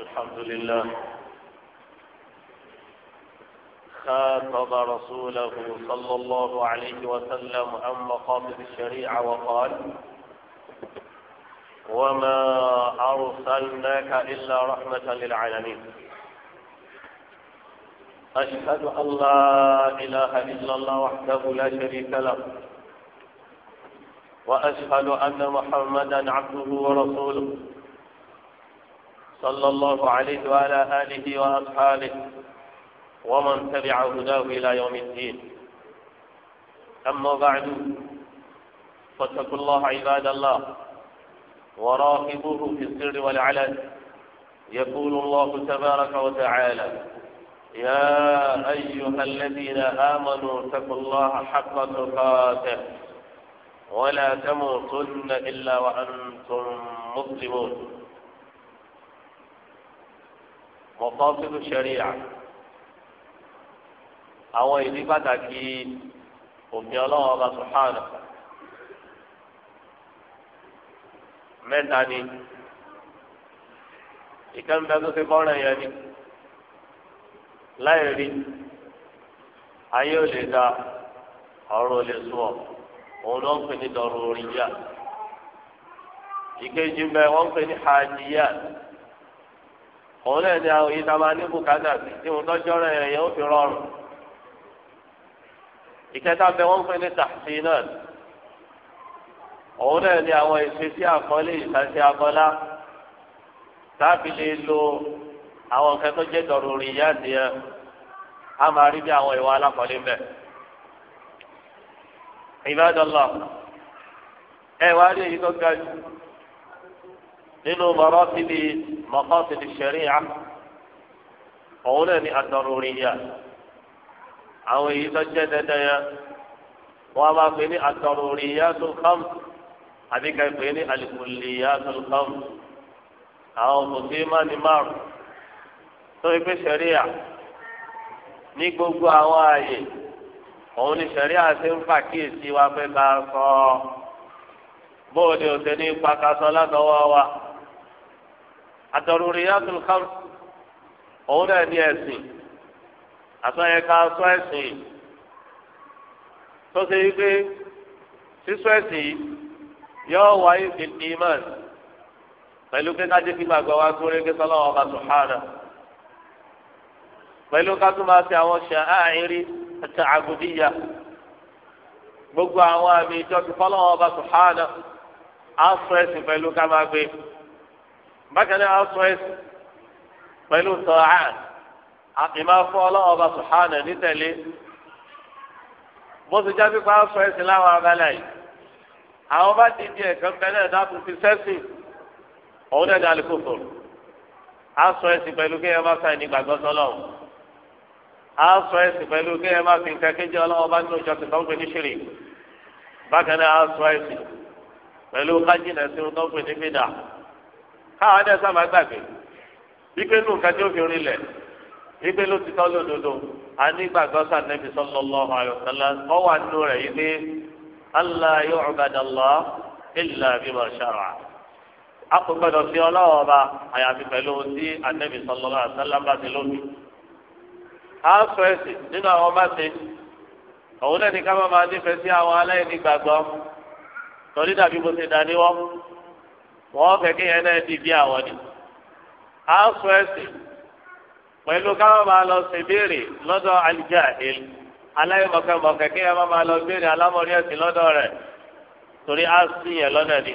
الحمد لله خاطب رسوله صلى الله عليه وسلم عن مقاصد الشريعة وقال وما أرسلناك إلا رحمة للعالمين أشهد أن لا إله إلا الله وحده لا شريك له وأشهد أن محمدا عبده ورسوله صلى الله عليه وعلى آله وأصحابه ومن تبع هداه إلى يوم الدين أما بعد فاتقوا الله عباد الله وراقبوه في السر والعلن يقول الله تبارك وتعالى يا أيها الذين آمنوا اتقوا الله حق تقاته ولا تموتن إلا وأنتم مسلمون mọ̀fọ́sílù ṣẹ̀ríà àwọn ìdí pàtàkì òfin ọlọ́run ọba sùhánù mẹ́ta ni ìkẹ́mbẹ́ tó fi bọ́ràn yẹn ni láì rí ayé ò lè da ọ̀rọ̀ ò lè sùn ọ̀ òun ló ń pè ní dọ̀rọ̀ orí ìkejì mbẹ́ wọ́n ń pè ní hajiyá. òun náà ni àwọn yìí dábàá ní bùkátà tí wọn tọjọ rẹ yẹn yóò fi rọrùn ìkẹta bẹ wọn pè ní tàṣí náà òun náà ni àwọn ìṣesí àkọlé ìṣàṣe àkọlá táàbì lè lo àwọn nǹkan tó dọrọ orin ìyá nìyẹn a máa rí bí àwọn ìwà ẹ wá rí èyí tó nínú mọ̀rọ́ síbi mọ̀kọ́sí ti ṣẹ̀ríà òun náà ni àtọ̀rọ̀rìyà àwọn èyí tó jẹ́ dandan yẹn wọ́n máa pè ní àtọ̀rọ̀rìyà tó kàn àbí ká pè ní àlùkùlìyà tó kàn àwọn òkùnkùn ìmánì márùn tó ìpè ṣẹ̀ríà ní gbogbo àwọn ààyè òun ni ṣẹ̀ríà ti ń fàkíyèsí wa pé ká sọ bóòdì òsè ní ipa látọwọ́ wa ad-daruriyatul khams òun náà ní ẹ̀sìn àtúnyẹ ká sọ ẹ̀sìn tó ṣe wípé sísọ ẹ̀sìn yóò wáyé fi ìmán pẹ̀lú pé kájí kí gbàgbọ́ wá sórí kí sọlọ́wọ́ ọba sùhánà pẹ̀lú ká tún máa fi àwọn ṣàáìrí àti àgùdíyà gbogbo àwọn àmì ìjọ ti fọlọ́wọ́ ọba sùhánà á sọ ẹ̀sìn pẹ̀lú ká máa gbé bákan náà a sọ ẹsìn pẹ̀lú tọ́hán àtìmá fún ọlọ́wọ́ bá sùhánà nítẹ̀lé bó ti jáde pa a sọ ẹsìn láwọn abẹ́lẹ̀ yìí àwọn bá ti di ẹ̀kan pẹ̀lú ẹ̀dá tó ti sẹ́sìn òun náà ní alikóso a sọ ẹsìn pẹ̀lú kí ẹ má sáyẹn ní gbàgbọ́ sọlọ́wọ́ a sọ ẹsìn pẹ̀lú kí ẹ má fi nǹkan kéjì ọlọ́wọ́ bá nínú ìjọsìn bákan náà a sọ ẹsìn pẹ̀lú kájínà sí ohun tó ń pè ní fídà káwọn adé sábà gbàgbé wípé nù kájọ fi rinlẹ̀ wípé ló ti tọ́ lódodo anígbàgbọ́ sànẹ́bí sallallahu alaihi wasallam ọwọ́ àdúró rẹ̀ yìí pé allah yu'bad allah illa bima shar'a akọgbọ́dọ̀ fi ọlọ́wọ́ ọba àyàfi pẹ̀lú ohun tí anẹ́bí sallallahu alaihi wasallam bá ti lómi. a sọ ẹ̀sìn nínú àwọn bá ti òun náà ní ká máa nífẹ̀ẹ́ sí àwọn aláìní gbàgbọ́ torí dàbí bó ti dání wọ́n. wọ́n fẹ́ kéèyàn náà di bí àwọn ni a sọ ẹ̀sìn pẹ̀lú káwọn máa lọ sí béèrè lọ́dọ̀ al-jahil aláìmọ̀kẹ́mọ̀kẹ́ kéèyàn máa máa lọ béèrè alámọ̀rí ẹ̀sìn lọ́dọ̀ rẹ̀ torí a sí yẹn lọ́dọ̀ ni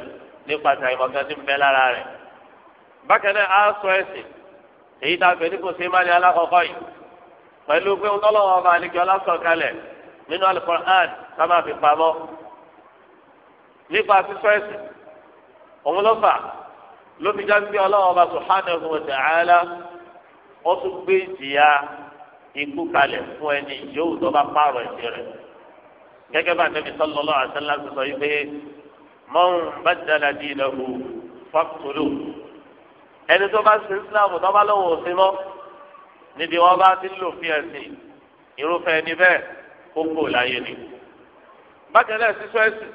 nípa àìmọ̀kẹ́ tí ń bẹ lára rẹ̀ bákan náà á sọ ẹ̀sìn èyí tá a fẹ́ ní kò sí má ní alákọ̀ọ́kọ́ yìí pẹ̀lú pé ń òun ló fà ló fi já sí ọlọ́wọ́ ọba subhanahu wa ta'ala ó tún gbé ìjìyà ikú kalẹ̀ fún ẹni yóò tó bá pààrọ̀ ẹ̀sìn rẹ̀ gẹ́gẹ́ bá Nabi sallallahu alaihi wasallam sọ yìí pé man baddala dinahu faqtuluhu ẹni tó bá sin Islam tó bá lọ́wọ́ òsín mọ́ níbi wọn bá ti lò fi ẹ̀sìn irúfẹ́ ẹni bẹ́ẹ̀ ó kò láyé ni. bákẹ́lẹ́ sísọ ẹ̀sìn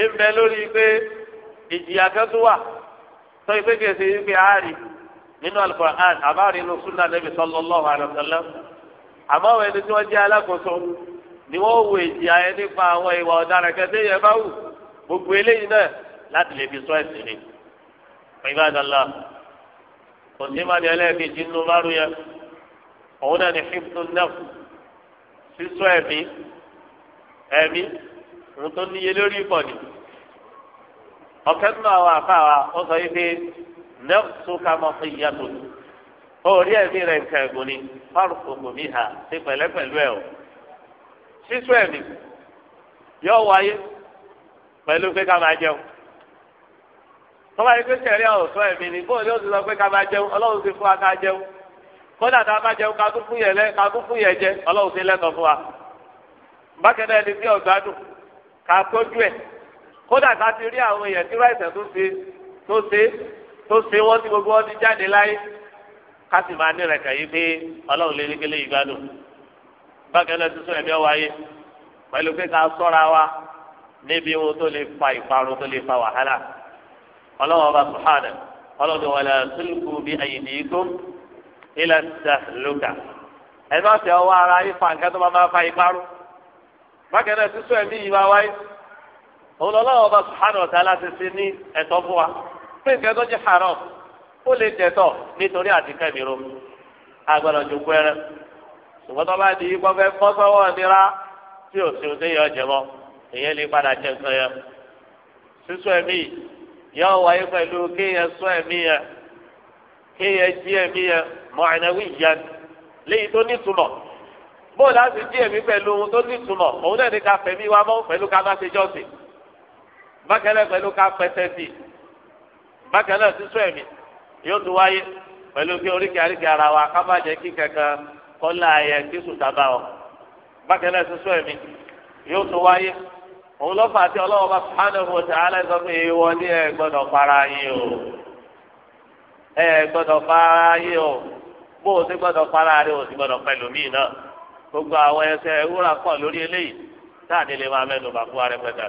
ń bẹ lórí pé ìjìyà kan tó wà tó ìpè kìí ṣe wípé àárí nínú alukur'an àbáàrí inú sunna nabi sallallahu alayhi wa sallam àmọ́ àwọn ẹni tí wọ́n jẹ́ alákòóso ni wọ́n wo ìjìyà yẹn nípa àwọn ìwà ọ̀daràn kẹsẹ́ yẹn bá wù gbogbo eléyìí náà láti lè fi sọ ẹ̀sìn ni. ìbádàlá kò sí má ní ẹlẹ́ẹ̀kejì nínú márùn yẹn òun náà ní hibdun náà sísọ ẹ̀mí ẹ̀mí òun tó níye lórí ìbọn nìyí. ọ̀kẹ́ àwọn àfa ó sọ yìí pé nẹ́ẹ̀sù ká mọ ní ẹ̀mí rẹ̀ nǹkan ẹ̀gùn ni fáwọn mi hà ṣe o ẹ̀mí yóò wáyé pẹ̀lú pé ká máa jẹun yìí pé ẹ̀mí ni ti sọ pé ká máa jẹun ọlọ́run ti fún wa ká jẹun kódà tá a bá jẹun ká tún fún yẹn ká fún yẹn jẹ ọlọ́run ti lẹ́tọ̀ kódà ká ti rí àwọn èèyàn tí ráìsẹ̀ tó ṣe tó ṣe tó ṣe wọ́n tí gbogbo wọn ti jáde láyé ká sì máa nírẹ̀ kàyí pé ọlọ́run lè lékelé yìí gbádùn bákan náà tuntun ẹ̀mí ọwọ́ ayé pẹ̀lú pé ká sọ́ra wa níbi ohun tó lè fa ìparun tó lè fa wàhálà ọlọ́run ọba sùhánà ọlọ́run wala tulqu bi aydikum ila tahluka ẹ̀ má ṣe ọwọ́ ara yín fa nǹkan tó máa fa ìparun bákan náà tuntun ẹ̀mí yìí òun lọ́wọ́ ọba subhanahu wa ta'ala ti sí ní ẹ̀tọ́ fún wa pé nǹkan tó jẹ́ haram ó lè tẹ̀tọ̀ nítorí àtikẹ́ mi ro agbọ́dọ̀ ju pẹ́rẹ́ ṣùgbọ́n tó bá di ipò fẹ́ fọ́ sọ́wọ́ nira tí ò sí oṣù yọ jẹmọ́ èyí lè padà jẹ nǹkan yẹn sísọ ẹ̀mí yọ wáyé pẹ̀lú kéèyàn sọ ẹ̀mí yẹn kéèyàn jí ẹ̀mí yẹn mọ̀ọ́nàwí yẹn léyìí tó nítumọ̀ bóòlù á sì jí ẹ̀mí pẹ̀lú ohun tó nítumọ̀ òun náà ní ká fẹ̀mí wa mọ́ pẹ̀lú ká má ṣe jọ́sìn. bákan náà pẹ̀lú ká di sí bákan emi sísọ ẹ̀mí yóò tún wáyé pẹ̀lú kí oríkì àríkì ara wa ká kí kankan kọ́lá ayẹ kí sùtà bá ọ ẹ̀mí yóò tún wáyé òun lọ́fà ọlọ́wọ́ bá sọ pé ìwọ ẹ gbọ́dọ̀ para yín o ẹ gbọ́dọ̀ para yín o bó o ti gbọ́dọ̀ para rẹ o ti gbọ́dọ̀ pẹ̀lú náà gbogbo àwọn ẹsẹ̀ pọ̀ lórí eléyìí táà máa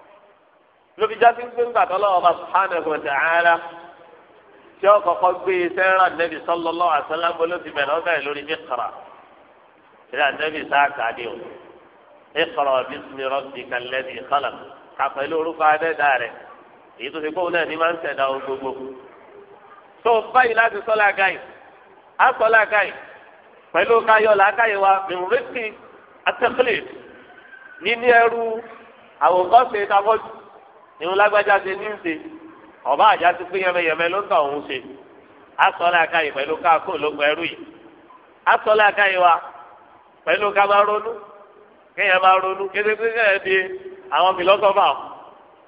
lóbi jáde gbé ńgbà tó lọ́wọ́ bá subhanahu wa ta'ala tí ó kọ́kọ́ gbé sẹ́rà nẹ́bí sallallahu alaihi wasallam ló ti bẹ̀rẹ̀ ọ́bẹ̀rẹ̀ lórí iqra ìlà nẹ́bí sáàkà ni o iqra bismi rabbika alladhi khalaq kà pẹ̀lú orúkọ adẹ́dá rẹ̀ èyí tó ti kó náà ní máa ń tẹ̀dá o gbogbo. tó báyìí láti sọ́lá gáì á sọ́lá gáì pẹ̀lú káyọ̀ làákàyè wa irun lágbájá ṣe ní ṣe ọba àjá ti pé yẹmẹyẹmẹ ló ń tọ òun ṣe asọlẹ akáyè pẹ̀lú káàkó ló pẹ ẹrú yìí asọlẹ akáyè wa pẹ̀lú ká máa ronú kéèyàn máa ronú kétékété kéèyàn di àwọn fìlọ́sọ́fà o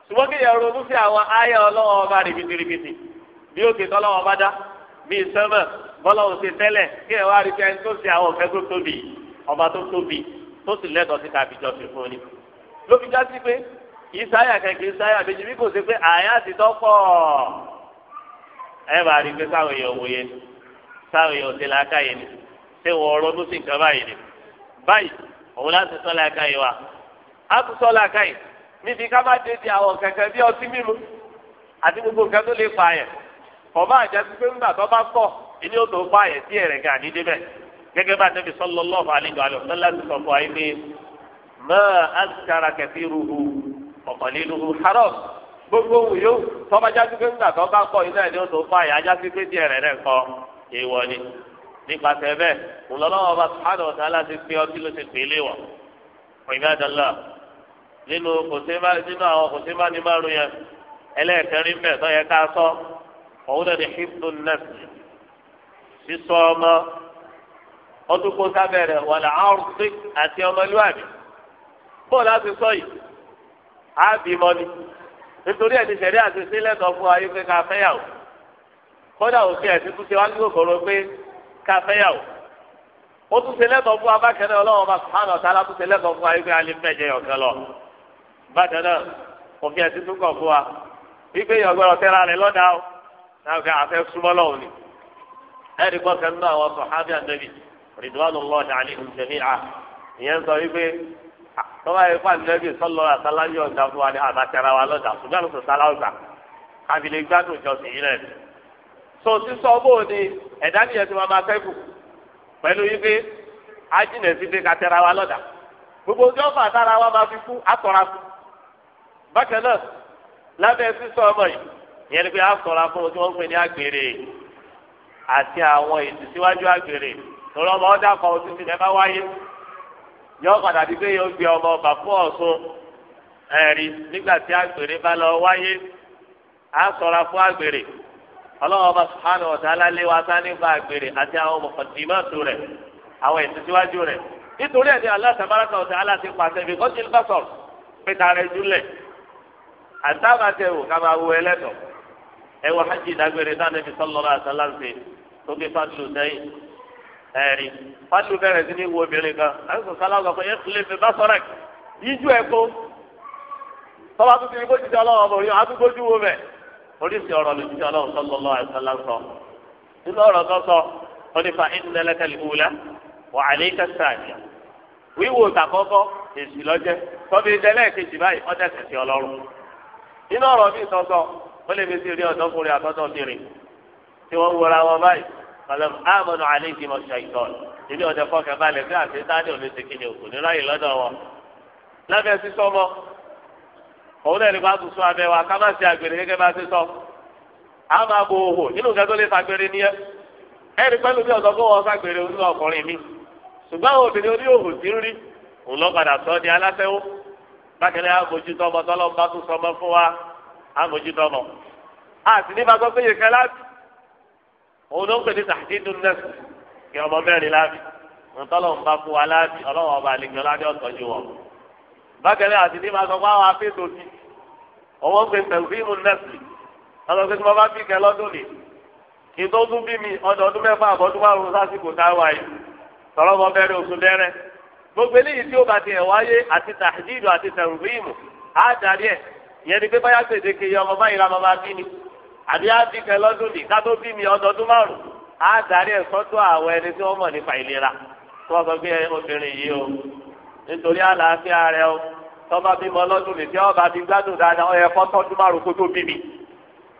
ṣùgbọ́n kéèyàn ronú sí àwọn ayé ọlọ́wọ́ ọba rìbìtìrìbìtì bí ó ti tọ́lọ́wọ́ ọba dá bí sẹ́mẹ̀ bọ́lá òsè tẹ́lẹ̀ kéèyàn wá rí pé ẹni tó ṣe àwọn ọ̀fẹ́ tó tóbi ọba tó tóbi tó sì lẹ́tọ̀ọ́ sí káàbíjọ́ sí fún ni ló sí pé isaya í isaya abeji kì í bí kò sí pé àyà ti ẹ bá rí i pé sáwọn èèyàn wòye sáwọn èèyàn ti làákà yìí ni ṣé wọ́n ronú báyìí ni báyìí òun láti sọ yìí wa á tún sọ làákà yìí níbi ká má dé di àwọn kankan bí ọtí mímu àti gbogbo nǹkan tó lè pa ọba àjẹsí pé ńgbà tó bá pọ̀ ilé ó tó pa àyàn sí ẹ̀rẹ̀ gà ní débẹ̀ gẹ́gẹ́ bá tẹ́bi ọ̀kànlélógún haram gbogbo ohun yóò tọ́ba jáde pé nígbà tó bá kọ́ iná ẹ̀ ní oṣù fáyà jáde pé díẹ̀ rẹ̀ rẹ̀ kọ́ èèwọ̀ ni nípasẹ̀ bẹ́ẹ̀ ńlọ́lọ́wọ́ bá sùhánù ọ̀tá láti pé ọtí ló ti pèlè wọ̀ ìgbàdàlá nínú kòsíbá nínú àwọn kòsíbá ní márùn yẹn ẹlẹ́ẹ̀kẹrin bẹ́ẹ̀ tó yẹ ká sọ òun náà ní nẹ́ẹ̀sì sísọ ọmọ ọdún kó sábẹ́ rẹ̀ wàlà áwùrúsí àti ọmọlúwàbí bóòlù á ti sọ yìí. á bímọ ni nítorí ẹni sẹ̀rí lẹ́tọ̀ fún pé ká kódà òfin ṣe wá kòkòrò pé ká ó tún ṣe lẹ́tọ̀ fún bá àná tún ṣe lẹ́tọ̀ fún pé a lè mẹ́jẹ ọ̀kan lọ bákan náà òfin ẹ̀sìn kọ̀ fún wa wípé ìyọ̀gbọ́n ọ̀tẹ́ra rẹ̀ lọ́dà ó náà fi tọ́wọ́ yẹn fún àdínẹ́bí sọ́lọ́ àtàlájú ọ̀dà fún wa ní àbàtẹ́ra wa lọ́dà ṣùgbọ́n àlùkò sálá ọ̀gbà kábìlì gbádùn ìjọsìn yìí rẹ̀. sọ sísọ bó o ẹ̀dá nìyẹn tí wọ́n máa fẹ́ kù pẹ̀lú yí pé ajínà sí pé kàtẹ́ra wa lọ́dà gbogbo ojú ọ̀fà tára wa máa fi kú àtọ̀ra fún. bákan náà lábẹ́ sísọ ọmọ yìí ìyẹn pé àtọ̀ra fún ojú wọn ní àgbèrè àti àwọn ìtìsíwájú àgbèrè tọ́lọ́mọ ọ̀dà yọ padà di pé yóò gbé ọmọ ọba fún ọ̀sùn ẹ̀rí nígbà tí àgbèrè bá lọ wáyé á sọra fún àgbèrè ọlọ́wọ́ ọba sùhánù ọ̀tá alálẹ́ wa sá nípa àgbèrè àti àwọn mọ̀kàndínmọ́tò rẹ̀ àwọn ìtẹ̀síwájú rẹ̀ nítorí ẹ̀ ní aláṣàbáràkà ọ̀tá aláṣẹ pàṣẹ bí kọ́ńtì bá sọ̀rọ̀ pété ara júlẹ̀ àtàbàtẹ̀wò kàmá wo ẹlẹ́tọ̀ ẹ̀wọ̀ hajj ìdágbére náà níbi sọ́lọ́lá àtàlà ń ṣe tó fi fàtúù sẹ́yìn. ẹ̀rí fatu bẹ̀rẹ̀ sí ní wo obìnrin kan àyùkò sálá sọ pé i fi bá sọ̀rọ̀ yíjú ẹ̀ kó tó ti ní bójú ti ọlọ́run ọmọ òyìnbó àti bójú wo oríṣi ọ̀rọ̀ ló ti ti sọ́lọ́lọ́ àìsàn sọ nínú ọ̀rọ̀ kan sọ ní fa wà àlẹ́ wíwò tàkọ́kọ́ èsì lọ́jẹ́ kọlọm amọnù àlejò mọ ṣàìtọ ilé ọdẹ fọkàn balẹ̀ bí àti sáni ò lè ṣe kíni òkú ní ráyè lọ́dọ̀ wọn. lábẹ́ sísọ mọ́ òun náà ní bá tún sọ abẹ́ wa ká má ṣe àgbèrè gẹ́gẹ́ bá ṣe a máa bo òhò nínú nǹkan lè fagbèrè ni ẹ. ẹnì pẹ́lú bí ọ̀sán kó wọ́n fagbèrè orí ọkùnrin mi. ṣùgbọ́n obìnrin orí òhò ti rí òun lọ sọ ní aláṣẹ́wó. bákẹ́lẹ́ àmójútọ́mọ tọ́lọ́ òun ló ń pè ní tàdídù nẹ́sì kí ọmọ mẹ́rin láàbì wọn tọ́lọ̀ ń bá fún wa láàbì ọlọ́wọ́ ọba àlejò aládé ọ̀tọ́jú wọn. bákẹ́lẹ́ àti ní máa sọ pé àwọn afẹ́tò ti òun ń pè tẹ̀síìmù nẹ́sì ọlọ́wọ́ pé tí wọ́n bá bí kẹ lọ́dún ni kí tó tún bí mi ọdọọdún mẹ́fà àbọ̀dún márùn-ún sásìkò táwa yìí tọ́lọ́ mọ bẹ́rẹ̀ oṣù bẹ́rẹ̀ gbogbo eléyìí tí ó bá tiẹ̀ wáyé àti tàdídù àti tẹ̀síìmù á darí ẹ̀ ìyẹn ni pé báyà gbèdéke yọ ọmọ báyìí la máa bá bí ni àbí áfíkẹ lọ́dún ní ká tó bí mi ọdọọdún márùn á darí ẹ̀ sọ́tọ̀ àwọn ẹni tí wọ́n mọ̀ nípa ìlera tó wọ́n sọ pé obìnrin yìí o nítorí àlàáfíà rẹ o tọ́ba bímọ lọ́dún ní tí ọba ti gbádùn dáadáa ó yẹ kó tọ́dún márùn kó tó bí mi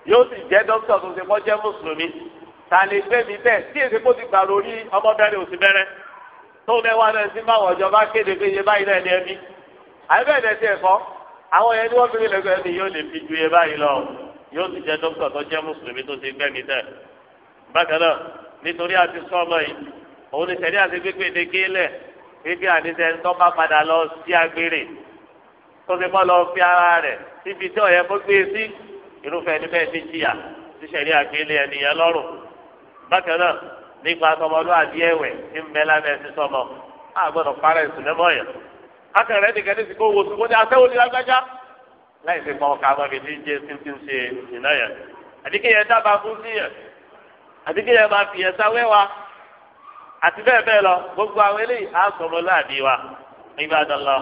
yóò sì jẹ́ dókítà tó ṣe kọ́ jẹ́ mùsùlùmí ta lè gbé mi bẹ́ẹ̀ tí èsì kó ti gbà lórí ọmọbìnrin òsì bẹ́rẹ̀ tó mẹ́wàá náà sí máa wọ̀jọ́ kéde pé iye báyìí náà ní ẹbí àbẹ́ẹ̀ náà ti àwọn yẹn wọ́n fi lè gbẹ́ mi yóò lè fi ju iye báyìí lọ yóò ti jẹ́ dókítà tó jẹ́ mùsùlùmí tó ti gbẹ́mí tẹ̀. bákan náà nítorí àti sọ́ọ̀mọ́ yìí òun ni sẹ́ni àti gbégbé dèké lẹ̀ bíbí àníṣe ń tọ́ba padà lọ sí agbèrè tó ti mọ́ lọ fi ara rẹ̀ síbi tí ọ̀yẹ́ kó gbé sí irúfẹ́ ẹni bẹ́ẹ̀ ti jìyà tí sẹ́ni àgbélé ẹnìyẹn lọ́rùn. bákan náà nípa sọmọlúwàbí ẹ̀wẹ̀ tí ń bẹ lábẹ́ sí sọmọ àgbọ̀dọ̀ parẹ́ ìsúnlẹ̀mọ́ yẹn. akẹ́rẹ́ nìkan ní ti kó wo sùn kó ní asẹ́wó ní lágbájá láì fi kọ́ ọ̀ka àbọ̀ bìtí jẹ́ títí ń ṣe ìná yẹn àti kí yẹn dábàá fún sí yẹn àti kí yẹn máa fi yẹn sáwé wa àti bẹ́ẹ̀ bẹ́ẹ̀ lọ gbogbo àwọn eléyìí á sọ̀rọ̀ láàbí wa nígbà tó lọ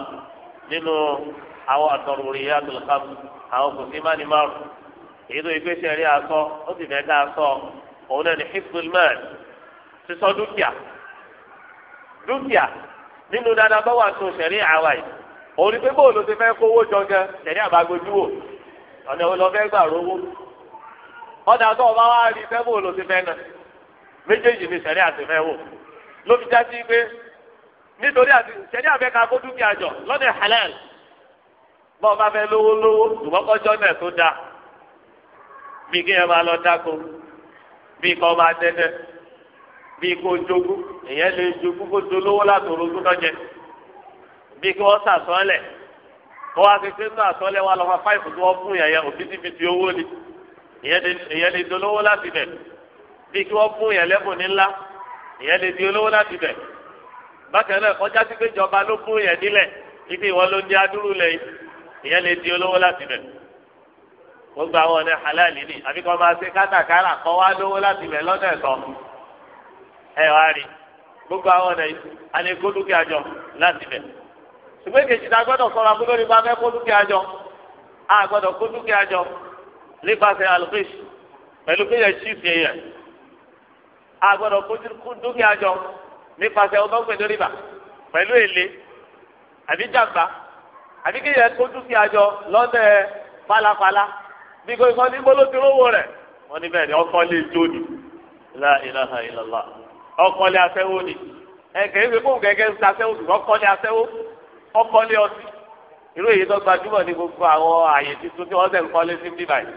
nínú àwọn àtọ̀rùrì àtọ̀lùkàm àwọn kò sí má ní márùn èyí tó ìgbésẹ̀ rí asọ ó sì fẹ́ ká asọ òun náà ní hifilman sísọ dúkìá dúkìá nínú dáadáa bá wà tó àwa yìí orí pé bóòlù ló ti fẹ́ kówó jọ gan tẹ̀lé àbágbójú wò ọ̀nà òun lọ fẹ́ gbà rówó ọ̀dà tó o bá wá rí fẹ́ bóòlù ló ti fẹ́ nà méjèèjì ni tẹ̀lé àti fẹ́ wò ló fi já sí pé nítorí àti tẹ̀lé àfẹ́ka kó dúkìá jọ lọ́dẹ̀ halal bọ́ọ̀ bá fẹ́ lówó lówó ìmọ̀kọ́jọ́ náà tó da bí kí ẹ máa lọ dáko bí kọ́ máa dẹ́dẹ́ bí kó jogún èèyàn lè jogún kó dolówó látòrò ogún náà jẹ bíi kí wọ́n sàsọ́lẹ̀ kó wá pépé nínú àsọ́lẹ̀ wa lọ́mọ fáìfù tí wọ́n fún yẹn òbítíbitì owó ni ìyẹn lè dolówó láti bẹ̀ bíi kí wọ́n fún yẹn lẹ́bùn nílá ìyẹn lè di olówó láti bẹ̀ bákan náà kọjá sí pé ìjọba ló fún yẹn nílẹ̀ ibi ìwọ ló ń di adúrú lẹ́yìn ìyẹn lè di olówó láti bẹ̀ gbogbo àwọn ọ̀nà halali ni àbí kọ́ máa ṣe kátàkárà kọ́ wá lówó láti bẹ̀ lọ́nà ẹ̀tọ́ ẹ̀ wá rí gbogbo àwọn ọ̀nà yìí a dúkìá jọ láti bẹ̀ ṣùgbọ́n kejì ta gbọ́dọ̀ sọ̀rọ̀ abúlé nípa fẹ́ kó dúkìá jọ a gbọ́dọ̀ kó dúkìá jọ nípasẹ̀ alùpùpù pẹ̀lú pé yẹn ṣì fi yẹn a gbọ́dọ̀ kó dúkìá jọ nípasẹ̀ ọgbọ́n rìbá pẹ̀lú èlé àbí jàmbá àbí kí kó dúkìá jọ lọ́dẹ falafala bí kò ìkànnì gbólódúrówó rẹ̀ wọ́n ní bẹ́ẹ̀ ni ọkọ̀ lè jó ni la ilaha illallah ọkọ̀ lè asẹ́wó ni ẹ̀ kẹ́hìn fún kẹ́kẹ́ ń sasẹ́wó ṣùgbọ́n ọkọ̀ lè asẹ́wó ọkọlé ọtí irú èyí tó gbajúmọ̀ ní gbogbo àwọn àyè tuntun tí wọ́n sẹ̀ ń kọ́lé sí bíbà yìí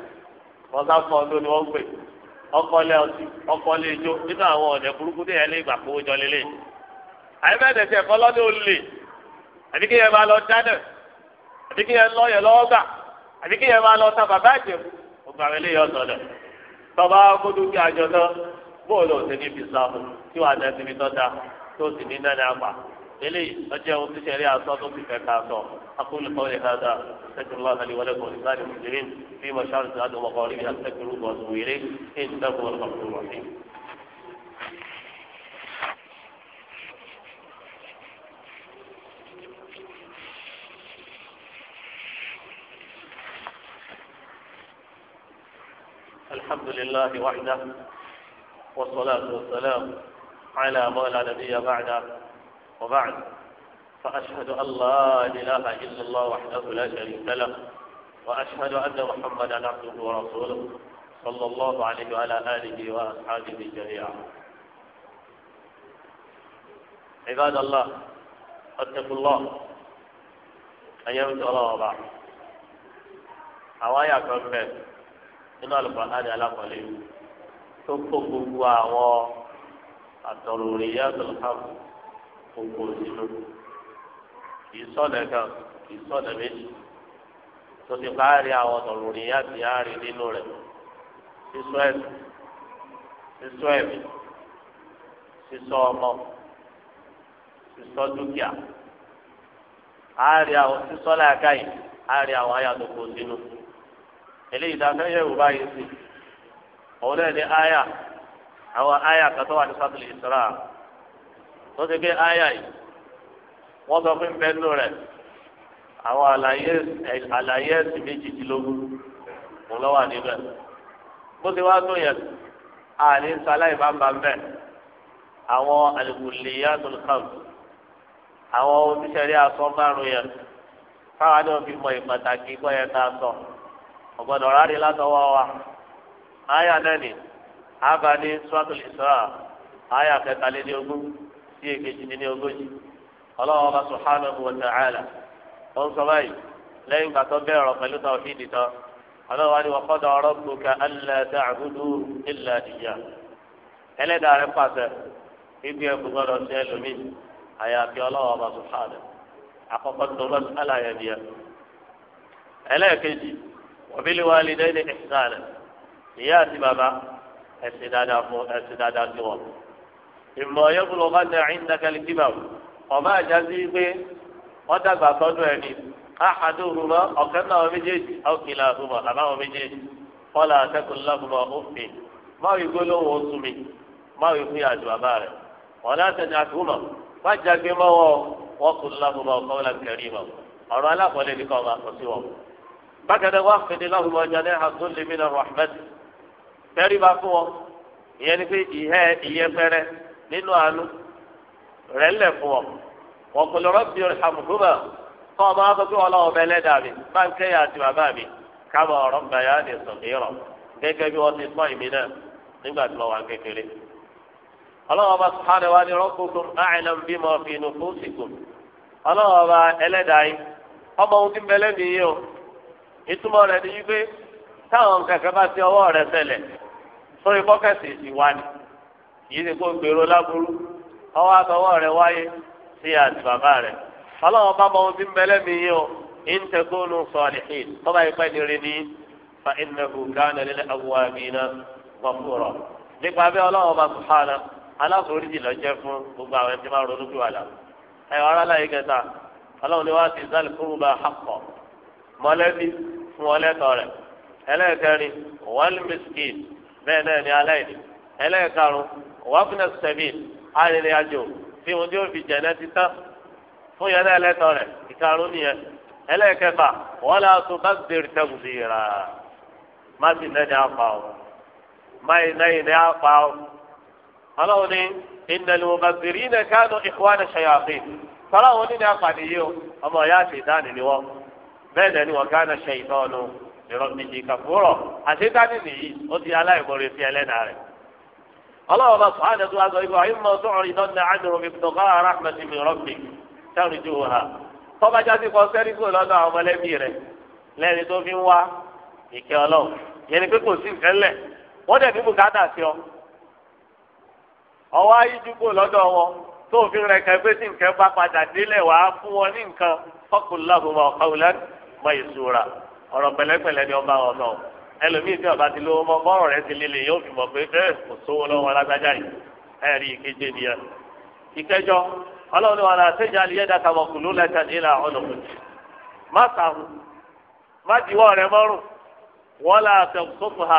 wọ́n sá fún ọdún ni wọ́n gbé ọkọlé ọtí ọkọlé ijó nínú àwọn ọ̀dẹ̀ burúkú tí yẹn lè gbà kó jọ lélẹ̀ àyè bẹ́ẹ̀ dẹ̀ tiẹ̀ kọ́ lọ́dún olè àbí kí yẹn máa lọ dáná àbí kí yẹn lọ́yẹ̀ lọ́wọ́ gbà àbí kí yẹn máa lọ ta bàbá àjẹkù gbogbo àwọn eléyìí ọ̀sán lọ tọ́ba kódúkì àjọ náà bóòlù إلي أجا وفي شريعة صادق في كعكاسو أقول قولي هذا أستغفر الله لي ولكم ولسائر المسلمين في مشارق الأرض ومغاربها أستغفروه وأتوب إليه إنه هو الغفور الرحيم الحمد لله وحده والصلاة والسلام على ما لا نبي بعده وبعد فأشهد أن لا إله إلا الله وحده لا شريك له وأشهد أن محمدا عبده ورسوله صلى الله عليه وعلى آله وأصحابه جميعا عباد الله اتقوا الله أيام الله وبعد àwáyà kan fẹ́ nínú àlùfáàní alákọọlẹ tó kó gbogbo àwọn àtọrò rèé yàtọ̀ lọ́kàkùn. gbogbo sínú kì sọ̀lẹ̀ kan kì sọ̀lẹ̀ méjì tó ti àwọn ọ̀rùn ní yàtì á nínú rẹ̀ sísọ ẹ̀mí sísọ ẹ̀mí sísọ ọmọ sísọ dúkìá á àwọn sísọ láàká yìí á àwọn àyà tó eléyìí dáadáa yẹ wò báyìí sí náà ní àyà àwọn àyà kan tó wà tó ti gbé àyà yìí wọ́n sọ fún bẹ́ẹ̀nù rẹ̀ àwọn àlàyé ẹ̀sìn méjìdínlógún mo lọ́wọ́ níbẹ̀ bó ti wá tó yẹn àní sáláì bá ń bá ń bẹ̀ àwọn al-kulliyatul khams àwọn oníṣẹ́rí asọ́ márùn yẹn káwa náà fi mọ ìpàtàkì kọ́ yẹn ká sọ ọ̀gbọ́dọ̀ rárí látọwọ́ wa àyà náà ni àbá ní kẹtàlélógún sí èkejì ní ogójì ọlọ́wọ́ bá subhanahu wa ta'ala ó ń sọ báyìí lẹ́yìn ìgbà tó bẹ̀rẹ̀ ọ̀rọ̀ pẹ̀lú tàwíìdì tán ọlọ́wọ́ ni wọ́n kọ́dọ̀ rabbuka alla ta'budu illa iyyah ẹlẹ́dàá rẹ̀ pàṣẹ ibi ẹ̀kú gbọ́dọ̀ sí ẹlòmíì àyàfi ọlọ́wọ́ bá subhanahu àkọ́kọ́ tó lọ́sí aláyẹ̀dìyẹ ẹlẹ́ẹ̀kejì wabili walidayni ihsana ìyá ìmọ̀ yẹ́bùlọ̀ bá ní àyín nàkàlì kíbà ọba àjàzí pé wọ́n dàgbà sọ́dọ̀ ẹni àhàdó rúmọ́ ọ̀kẹ́ náà méjèèjì ọ̀kìlà rúmọ́ àbáwọn méjèèjì kọ́lá àtẹ́kùn lábùmọ̀ òfin máa wí gbólóhùn oṣù mi máa wí fún àjò bàbá rẹ̀ wọ́n láti ní àtúmọ̀ wọ́n kù lábùmọ̀ kọ́lá wọ́n fi ní lábùmọ̀ ọjà ní àtúndínlẹ́mìnà nínú àánú rẹ̀ ńlẹ̀ fún ọ ọ̀pọ̀lọ̀ rọ́bì ìhàmùkúmà kọ́ ọmọ akọ́kọ́ ọlọ́wọ́ bẹ́ẹ̀ lẹ́dàá mi máa ń àti bàbá mi káàmọ̀ ọ̀rọ̀ ń bàyà ní sọ̀kìrọ̀ bí wọ́n ti kọ́ ìmí náà nígbà tí wọ́n wà kékeré. ọlọ́wọ́ bá sùpárẹ̀ wá ní rọ́kùnkùn àìlám bí mo fi inú fún sìkùn ọlọ́wọ́ bá yìí ọmọ ohun ń o ni wípé táwọn bá ti kì í ṣe kó gbèrò láburú ọwọ́ àtọwọ́ rẹ wáyé sí àti bàbá rẹ ọlọ́wọ́ bá bọ́ ohun tí ń bẹ lẹ́mìí yìí o in takunu salihin tọ́ba ìpẹ́ ni rí ni fa innahu kana lil awwabina ghafura nípa bí ọlọ́wọ́ bá subhana aláforíjì lọ jẹ́ fún gbogbo àwọn ẹni máa ronú bí wàlà ẹ̀rọ aláyé kẹta ọlọ́wọ́ ni wàá ti zal qurba haqqo mọ́lẹ́bí fún ọlẹ́tọ̀ rẹ̀ ẹlẹ́ẹ̀kẹrin wal miskin bẹ́ẹ̀ náà ni aláìní ẹlẹ́ẹ̀karùn-ún wàfúnà sẹbi arìnrìn àjò tí wọn tí ó fi jẹ náà ti tán fún yẹn náà ẹlẹtọ rẹ ìkarùn nìyẹn ẹlẹkẹfà wọn là tó bá gbèrè tẹkùtì rà má sì náà ní apá o má yìí náà yìí ní apá o ọlọ́run ní ìnàlẹ́ bá gbèrè yìí náà kánú ìkọ́wá ní ṣayàfin tọ́lá wọn ní ní apàdé yìí o ọmọ ìyá àti ìdáni ni wọn bẹ́ẹ̀ dẹ̀ ni wọn kánú ṣe ìtọ́nu ìrọ̀mìjì kàfúrọ̀ àti ìdáni nìyí ó ti aláìmọ̀rẹ́ ọlọ́wọ́ bá sọ̀hán ẹ̀dùn aṣọ ibà ayé mọ̀ sọ̀rọ̀ ìdánná àdùrùn mi tó káà rahmat mi rọ́bì sẹ́rù ju ha tọ́ba jáde kọ sẹ́ríkò lọ́dọ̀ àwọn ọmọlẹ́bí rẹ̀ lẹ́ni tó fi ń wá ìkẹ́ ọlọ́run yẹn ni pé kò sí ìfẹ́lẹ̀ wọ́n dẹ̀ ní bùkátà sí ọ ọwọ́ ayíjúgbò lọ́dọ̀ wọn tó fi rẹ̀ kẹ́ pé tí nǹkan bá padà délẹ̀ wá fún wọn ní nǹkan fọ́kùnláhùn ẹlòmíì tí ọba ti lówó mọ bọ́rọ̀ rẹ ti lélẹ̀ yóò fi mọ̀ pé ẹ kò lọ́wọ́ alágbájá yìí ẹ rí ìkeje ni ẹ. ìkẹjọ ọlọ́run ni wọn là ṣèjà aliyẹ́ dàkà lẹ́tà má sàrù má diwọ́ rẹ mọ́rùn là tẹ̀sọ́tù hà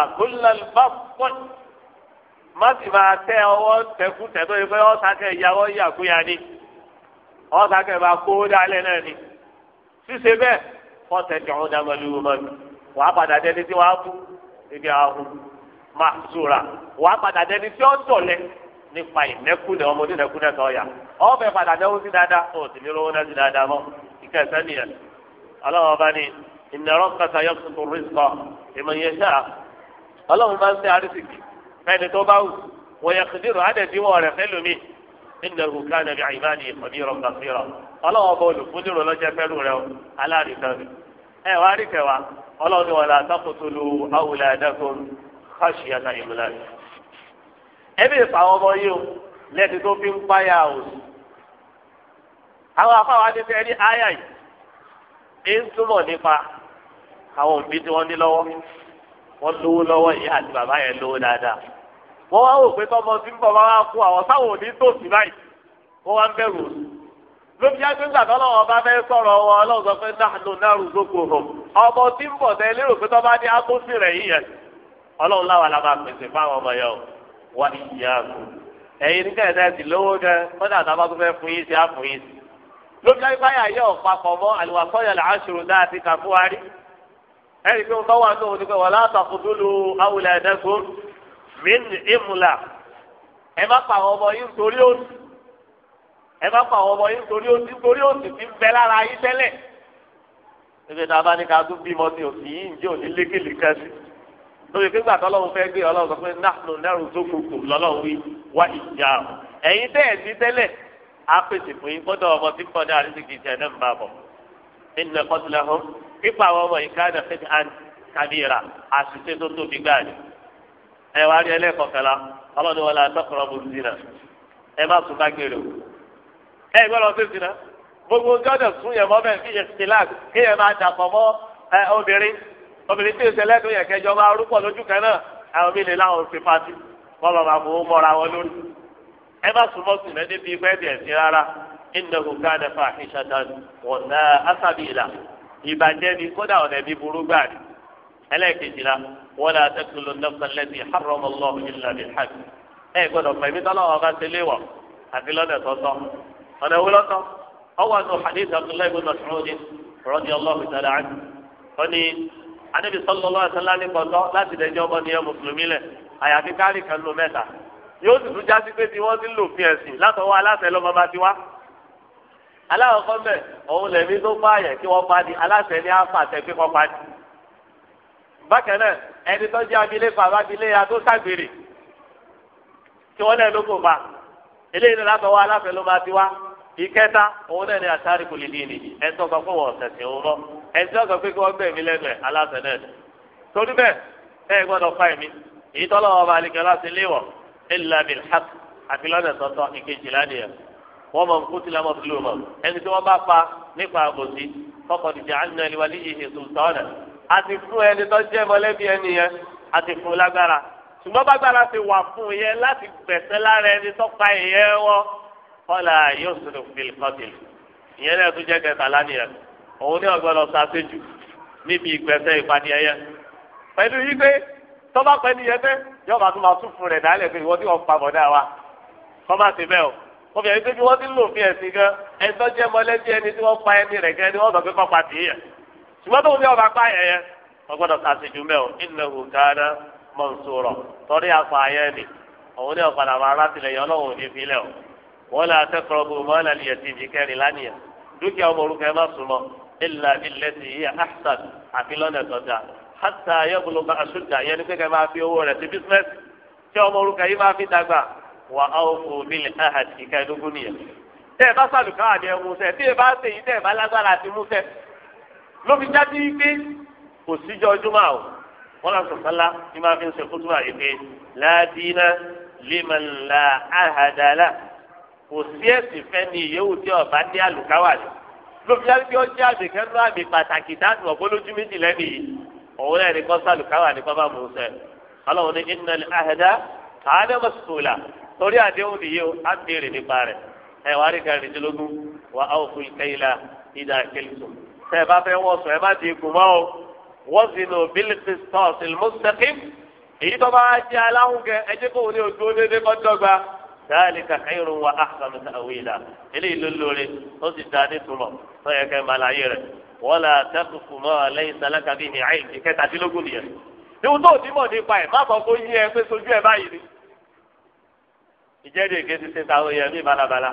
bá má sì máa tẹ ọwọ́ pé ìyàwó yàkúyà ni kó náà ni bẹ́ẹ̀ wàá padà dẹni tí wàá kú níbi àwọn màṣúra wàá padà dẹni tí ó tọ̀lẹ̀ nípa ìnẹ́kúnẹ̀ ọmọdé nẹ́kúnẹ̀ tó yà ọ̀fẹ́ padà dẹ́wọ́ sí dáadáa ó sì ní lówó náà sí dáadáa mọ́ ìkẹsẹ́ nìyẹn ọlọ́wọ́ bá ní ìnàrọ́ kàtà yọ tuntun rìsọ̀ ìmọ̀ yẹn ṣá ọlọ́run máa ń ṣe àrísìkì fẹ́ni tó bá wù wọ́n yẹ kìdírò àdẹ̀díwọ̀ rẹ̀ fẹ́ lómi ìnàrú kánà bí àyíbá ni ìfọ̀dí rọ̀ kàfírọ̀ ọlọ́wọ́ bá olùfúnirò lọ́jẹ́ fẹ́rù rẹ̀ aláàrísàn ẹ wá rí kẹwàá ọlọ́run ni wọn là sàkóso awùlẹ̀ àdàkùn káṣí yàtà ìmúlẹ̀ ẹbí ìfà àwọn ọmọ yìí o lẹ́ẹ̀tì tó fi ń páyà òsì àwọn afáwọn adé fẹ́ẹ́ ní áyà yìí ń túmọ̀ nípa àwọn òbí tí wọ́n ní lọ́wọ́ wọ́n lówó lọ́wọ́ yìí àti bàbá yẹn lówó dáadáa wọ́n wá wò pé tọ́mọ tí ń bọ̀ bá wá kú àwọn sáwọn òní tòsí báyìí wọ́n wá ń bẹ̀rù òsì. lóbi agbégbà tọ́lọ́wọ́ bá fẹ́ sọ̀rọ̀ wọn ọlọ́run sọ pé nahnu narzuquhum ọmọ tí ń bọ̀ lérò pé tọ́ba ní akóso rẹ̀ yìí yẹn ọlọ́run láwa la máa pèsè fáwọn ọmọ yẹn o wá ẹ̀yin ní kẹ́hìn náà ti lówó kọ́dà tá a bá fẹ́ fún yín sí yín sí lóbi yẹ mọ́ làásùrù dáa ti kà fún wa rí wà ẹ má pa àwọn ọmọ yín torí ó ti torí ó sì ti bẹ lára yín tẹ́lẹ̀ ebi ta bá ní ká tún bímọ ní òsì yìí ǹjẹ́ òní lékele kan sí lórí pé gbàtọ́ ọlọ́run fẹ́ gbé ọlọ́run sọ pé nàánú nẹ́rù tó kòkò lọ́lọ́run wí wá ìjà ẹ̀yin tẹ́ ẹ̀ sí tẹ́lẹ̀ á pèsè fún yín gbọ́dọ̀ ọmọ tí kọ́ ní àrísìkì jẹ náà ń bá bọ̀ ẹ má tún bá gbèrò ẹ gbọ́dọ̀ sí sí náà gbogbo gbọ́dọ̀ sún yẹn mọ́ bẹ́ẹ̀ kí yẹn ti láàgì kí yẹn máa dàpọ̀ mọ́ obìnrin obìnrin tí ìṣẹ̀lẹ̀ tó yẹ kẹjọ máa rúpọ̀ lójú kan náà àwọn mi lè láwọn fi pati wọ́n lọ máa fowó mọ́ra wọn lórí ẹ má sùn mọ́sùn rẹ débi ipẹ́ ẹ̀dẹ̀ sí rárá innahu kana fahishatan wa sa'a sabila ìbàjẹ́ ni kódà ọ̀nà ẹ̀mí burú gbọ́dọ̀ pẹ̀mí tọ́lọ́wọ́ bá ti léwọ̀ àti lọ́dẹ̀ tọ́tọ́ ọ̀nà wo lọ́tọ̀ ọwọ́ àti hadith abdullahi bin mas'ud radiyallahu ta'ala anhu wọ́n ní anabi sallallahu alaihi wasallam ní kọ̀tọ́ láti dẹjọ́ ọmọ ní ẹ mùsùlùmí lẹ̀ àyàfi kárí kan ló mẹ́ta yóò sì tún jásí pé tí wọ́n ti ń lò fi ẹ̀sìn látọwọ́ aláṣẹ lọ́mọ bá ti wá aláwọ̀ kan bẹ̀ òun lẹ̀mí tó pààyàn kí wọ́n pa ni aláṣẹ ní àfàṣẹ pé kọ́ pa bákan náà ẹni tó jẹ́ abilékọ àbábilé ya tó ságbèrè kí wọ́n lẹ́ lóko pa eléyìí náà lábẹ́ wa aláfẹ́ ló máa ti wá ìkẹta òun náà ni àtàrí kò lè ní ìnìyí ẹni tó sọ pé wọn ọ̀sẹ̀sẹ̀ òun mọ́ ẹni tó sọ pé kí wọ́n gbẹ̀mí lẹ́nu ẹ̀ aláṣẹ náà ni torí bẹ́ẹ̀ ẹ gbọ́dọ̀ fa ẹ̀mí èyí tọ́lọ́ ọba àlekẹ́ láti léwọ̀ illa bil haqq àti lọ́nà tọ́tọ́ ìkejì lánìyàn wọ́n mọ̀ nkú tilẹ̀ mọ̀ tìlú mọ̀ ẹni tí wọ́n bá pa nípa àbòsí kọ́kọ́ ti jẹ́ àdínà ìwà níyì àti fún ẹni tó jẹ́ mọ̀lẹ́bí ẹni yẹn àti fún lágbára ṣùgbọ́n bàgbára ti wà fún yẹn láti gbẹ̀sẹ̀ lára ẹni tọ́pa ìyẹn wọn kọ́là yóò sọ̀rọ̀ fìlì kọ́tìlì ìyẹn náà tún jẹ́ kẹtàlá nìyẹn òun ní ọ̀gbọ́n lọ sàṣejù níbi ìgbẹ̀sẹ̀ ìpàdé ẹyẹ pẹ̀lú yí pé tọ́ba pẹ̀lú yẹn fẹ́ yọba tó máa tún fún rẹ̀ dálẹ̀ pé ìwọ́n tí wọ́n pa bọ̀dá wa kọ́ba ti bẹ́ẹ̀ o mo pé bí wọ́n ti lò fi ẹ̀sìn gan ẹ̀tọ́ jẹ́ mọ́lẹ́bí ẹni tí wọ́n pa ẹni rẹ̀ gan ni wọ́n sọ pé kọ́ pa ṣùgbọ́n tó ń bí pa ẹ̀yẹ ọgbọ́dọ̀ sàṣejù mẹ́ o ìnáwó kára mọ̀nsúrọ̀ torí apá ayé ni òun ní ọ̀padà máa rásìlẹ̀ yọ ọlọ́run òní filẹ̀ o wọ́n lè akẹ́kọ̀ọ́ bó wọ́n lè lè ti fi kẹrin lánìyà dúkìá ọmọ orúkọ ẹ má súnmọ́ ilà ilẹ̀ ti yí ahsan àfi lọ́nà tọ́jà hàtà ayébùlù bá aṣọ́jà yẹn ní kékeré máa fi owó rẹ̀ sí bísínẹ́sì tí ọmọ orúkọ yìí máa fi dàgbà wà á òfò mílì ahad kíkà nìyẹn. tẹ́ ẹ bá sàlùkà àdé ẹ tí ẹ bá ṣe yìí tẹ́ ẹ bá lágbára àti musẹ́ ló fi jáde pé kò síjọ́ ọdún máa o wọn lọ sọ sọlá ní máa fi ń ṣe kútúbà yìí pé láàdínà lèmọ̀lá àhàdàlà kò sí ẹ̀sìn fẹ́ni ìyẹ́wò tí ọba dé àlùkáwà ni lóbi yára bí ọjọ́ àmì kẹ́nu àmì pàtàkì dánù ọ̀gbọ́lójú méjì lẹ́nu yìí òun náà ní kọ́ sàlùkáwà ní kọ́ bá mú sẹ́ ọlọ́run ní iná àhẹ́dá àádọ́ mọ̀sùlùmá torí àdéhùn nìyí o á béèrè nípa wọ́n sì lò bílí kristọs ìlmùsẹ̀kìm èyí tó bá jẹ́ aláhùn kẹ ẹjẹ́ kò ní ojú onídé kọ́ dọ́gba dáàlì kàkà irun wa àkàmì àwìlà eléyìí ló lóore ó sì dáa ní túmọ̀ tó yẹ kẹ́ malaye rẹ̀ wọ́n là tẹ́kùkù mọ́ lẹ́yìn sálákà bíi ní àyè ní kẹtàdínlógún nìyẹn. ìwọ tó ti nípa ẹ̀ má kọ́ kó yí ẹ pé sojú ẹ báyìí ni. ìjẹ́dẹ̀ èké ti ṣe táwọn èèyàn balabala.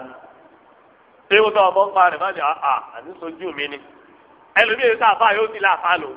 ṣé tó ọmọ ń rẹ̀ má ní àà àní sojú mi ni. ẹlòmíì sáfà yóò ti láàfà lòun.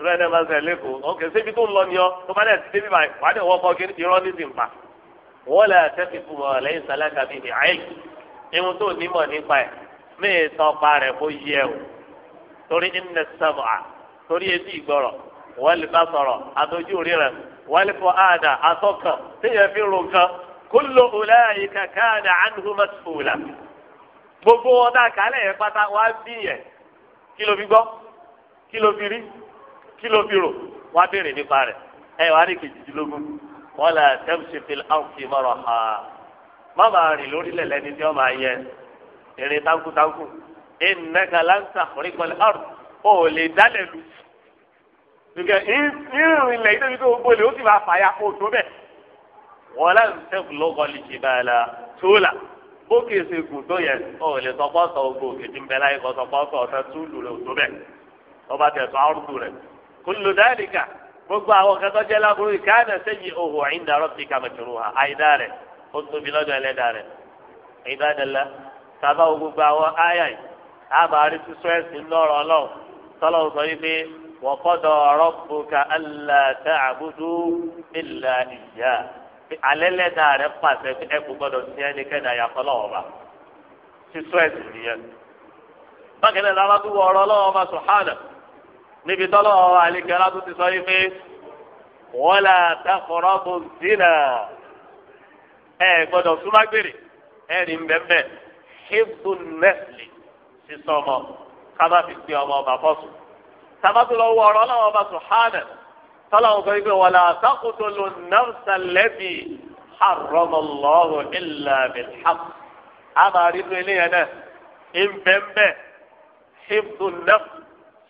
ìrọ̀ ẹ̀dẹ̀ máa ń sẹ̀ lẹ́kọ̀ọ́ ọ̀kẹ́ síbi tó ń lọ ni ọ tó bá dẹ̀ ti débi báyìí wàá dẹ̀ wọ́pọ̀ kí irọ́ ní ti ń pa. wọ́n lè tẹ́tí fún ọ lẹ́yìn sálákà bíi ní àyè ihun tó nímọ̀ nípa ẹ̀ míì tán pa rẹ̀ kó yẹ o torí ẹnẹ sẹ́mu à torí etí ìgbọ́rọ̀ wọ́n lè bá sọ̀rọ̀ àtọ́jú rí rẹ̀ wọ́n lè fọ àdà àtọ́kàn téèyàn fi rò kan kúlò òlẹ́ kí ló fi gbọ́ kí ló fi rí kí ló fi rò wọ́n á béèrè nípa rẹ̀ ẹ wàá rí kejìdínlógún wọ́n là tẹ́mùsì fìlà áwùsì mọ́rọ̀ ha má máa rìn lórílẹ̀ lẹ́ni tí wọ́n máa yẹ ìrìn tankutanku ìnẹ́ka lansa ríkọlẹ̀ ọ̀rọ̀ ò lè dálẹ̀ lu dùkẹ́ ìrìnlẹ̀ yìí tó gbogbo lè ó sì máa fàyà kó tó bẹ̀ wọ́n là ń tẹ́kù lọ́kọ̀lì ìbàlà tóòlà bókè ṣe gùn tó yẹ ò lè sọpọ́sọ gbogbo òkè tí ń bẹ láyé kọ́ sọpọ́sọ ọ̀sẹ̀ túlù rẹ̀ ò tó bẹ̀ ọba tẹ̀sán ọ̀rùn rẹ̀ kullu dhalika gbogbo àwọn kan tó jẹ́ láburú ìkáàdà sẹ́yìn òhù inda rabbika makruha àìdá rẹ̀ ó tóbi lọ́dọ̀ ẹlẹ́dà rẹ̀ ìbádẹ́lá sábà wo gbogbo àwọn áyà yìí àbárí sísọ ẹ̀sìn lọ́rọ̀ ọlọ́run tọ́lọ́ sọ wípé wa qada rabbuka alla ta'budu illa iyyah alẹ́ lẹ́dà rẹ̀ pàṣẹ pé ẹ kò gbọ́dọ̀ sí ẹnikẹ́ni àyàfọ́ lọ́wọ́ bá sísọ ẹ̀sìn nìyẹn. bákan náà lábàbí wọ ọ̀rọ̀ ọlọ́run ọba níbi tọ́lọ́ àlejò aládùn ti sọ yìí pé wọ́n là dákọ̀rọ̀ bó zina ẹ gbọ́dọ̀ súnmágbèrè ẹ rí ń bẹ́ẹ̀ bẹ́ẹ̀ hebron nẹ́sìlì sísọ ọmọ kábà fi gbé ọmọ ọba bọ́sù sábàtú lọ wọ ọ̀rọ̀ ọlọ́wọ́ ọba sùhánà tọ́lọ́ ọ̀gọ́ yìí pé wọ́n là dákòtò ló nàfsà lẹ́bi àrọ́mọlọ́rù ìlà bìlhàm àmà rí náà ń bẹ́ẹ̀ bẹ́ẹ̀ hebron nẹ́sìlì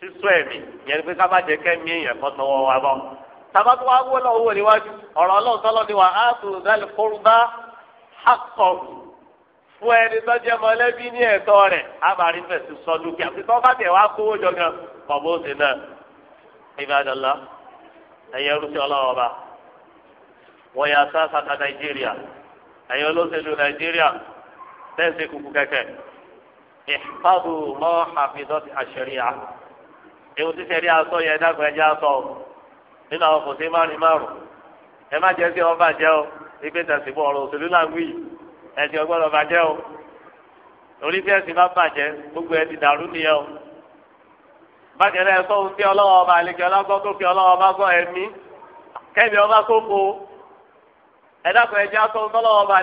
sísọ ẹ̀mí yẹn pé ká má jẹ kẹ́mi èèyàn kan tọwọ́ wa bọ́ sabatu wa wọ́n lọ wọ́n níwájú ọ̀rọ̀ ọlọ́run tọ́lọ́ ni wà á tó dálé kóruba hakọ̀ fún ẹni tó jẹ́ mọ́lẹ́bí ní ẹ̀tọ́ rẹ̀ abàrin fẹ̀sì sọ dúkìá fi tọ́ bá tẹ̀ wá kówó jọ gan bọ̀bọ̀ òsè náà ibadallah ẹ̀yẹ rúṣì ọlọ́wọ́ bá wọ́n yà sá sàkà nàìjíríà ẹ̀yẹ olóṣèlú nàìjíríà tẹ̀sí kùkù kẹ̀kẹ́ ìfàdù mọ́ àfidọ́tì àṣẹríà ewu títẹ̀ rí aṣọ yẹn dákun ẹ̀jẹ̀ aṣọ o nínú àwọn kò sí márùn márùn ẹ má jẹ́ sí ọba jẹ́ o ìgbé tẹ̀sí bọ̀ ọ̀rọ̀ òṣèlú là ń wí ẹ̀sìn ọgbọ́n ọba jẹ́ o orí tí ẹ̀sìn bá bàjẹ́ gbogbo ẹ̀ ti dàrú nìyẹn o bàjẹ́ náà ẹ̀sọ́ ohun tí ọlọ́wọ́ ọba àlejò ọlọ́gbọ́n tó fi ọlọ́wọ́ ọba gbọ́ ẹ̀mí kẹ́mi ọba tó fo ẹ̀dàkùn ẹ̀jẹ̀ aṣọ ohun tọ́lọ́wọ́ ọba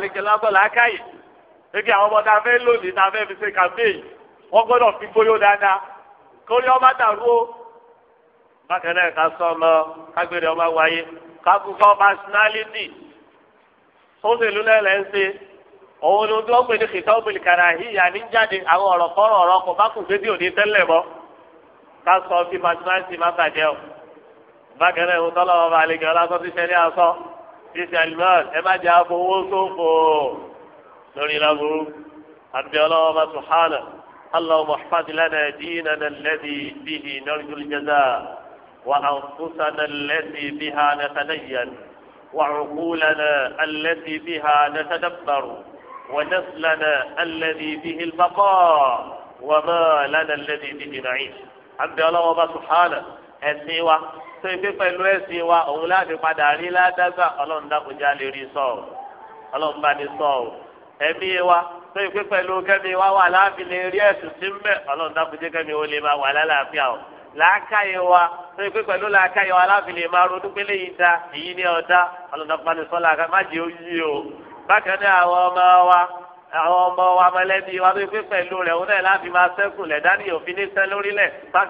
àlejò kórí ọba dàrú o bákan náà ká sọ ọmọ kágbére ọba wáyé kábùkọ personality sóṣèlú lẹ́lẹ̀ ń ṣe òun ni ojú ọ̀pẹ ní kìtọ́ òbílì kàrà yíyà ní jáde àwọn ọ̀rọ̀ kọ́rọ̀ ọ̀rọ̀ kò bá kù gbé bí òní tẹ́lẹ̀ mọ́ ká sọ bí personality má bàjẹ́ o bákan náà ìwọ tọ́lọ́ ọba àlejò ọlásọ ti ṣẹlẹ̀ àṣọ ti ṣàlùmọ́ọ̀n ẹ má jẹ́ àfọwọ́ sófò lórí ìlànà àbí ọlọ́wọ́ bá sùn hánà. اللهم احفظ لنا ديننا الذي به نرجو الجزاء وأنفسنا التي بها نتدين وعقولنا التي بها نتدبر ونسلنا الذي به البقاء وما لنا الذي به نعيش عبد الله وما سبحانه ẹ̀sìn wa tó ife pẹ̀lú ẹ̀sìn wa òun láti padà rí ládàgbà ọlọ́run dákúnjá lè rí sọ̀rọ̀ tó yẹ pé pẹ̀lú kẹ́mi wá wà láàfin lè rí ẹ̀sùn sí mbẹ́ ọlọ́run dákúndé kẹ́mi ó lè máa wà lálàáfíà o làákàyè wa tó yẹ pé pẹ̀lú làákàyè wa láàfin lè máa ronú pé léyìí da èyí ni ọ̀dá ọlọ́run dákúndé sọ́lá ká má jẹ́ oyí o bákan náà àwọn ọmọ wa àwọn ọmọ wa mọ̀lẹ́bí wa tó yẹ pé pẹ̀lú rẹ̀ òun náà láàfin máa sẹ́kù lẹ̀ dání òfin ní sẹ́ lórílẹ̀ bá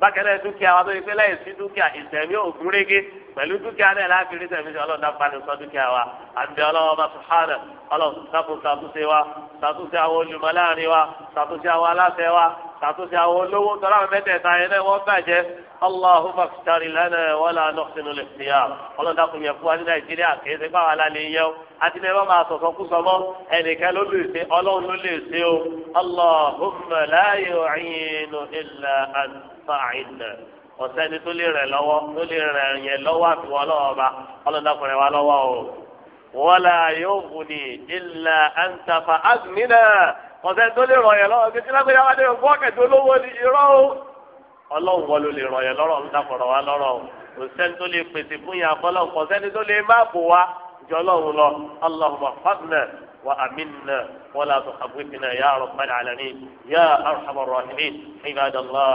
bákẹ́lẹ́ dúkìá wa tó yẹ pé láì sí dúkìá ìtẹ̀mí ògùn régé pẹ̀lú dúkìá náà láti rí tẹ̀mí sí ọlọ́run dápá ní sọ dúkìá wa àti ọlọ́run ọba sùhánà ọlọ́run sàkóso àtúnṣe wa sàtúnṣe àwọn olùmọ̀ láàrin wa sàtúnṣe àwọn aláṣẹ wa ṣàtúnṣe àwọn olówó tọ́lá àwọn mẹ́tẹ̀ẹ̀ta yẹn náà wọ́n bàjẹ́ allahu makitari lana wala nọ́ọ̀sìnú lè fi hàn ọlọ́dà kò yẹ fún wa ní nàìjíríà kì í ṣe báwa la lè yẹ o àti ní ẹ bá máa sọ̀sọ́ kú sọmọ́ ẹnìkan ló lè ṣe ọlọ́run ló lè ṣe o allahumma la yu'inu illa anta inna ọ̀sẹ́ni tó lè rẹ̀ lọ́wọ́ tó lè rẹ̀ yẹn lọ́wọ́ àfiwọ́ lọ́wọ́ ọba ọlọ́dà kọ̀sẹ́ tó lè ràn yẹn lọ́wọ́ títí lágbèjà wá dé fọ́ọ̀kẹ̀ tó lówó ni irọ́ o ọlọ́run wọ́n ló lè ràn yẹn lọ́rọ̀ ń dàpọ̀rọ̀ wá lọ́rọ̀ o kò sẹ́ni tó lè pèsè fún yàn fọlọ́ kọ̀sẹ́ ni tó lè má bò wá jọ lọ́run lọ allahumma fadna wa aminna wa la tuhabbibna ya rabbal alamin ya arhamar rahimin ibadallah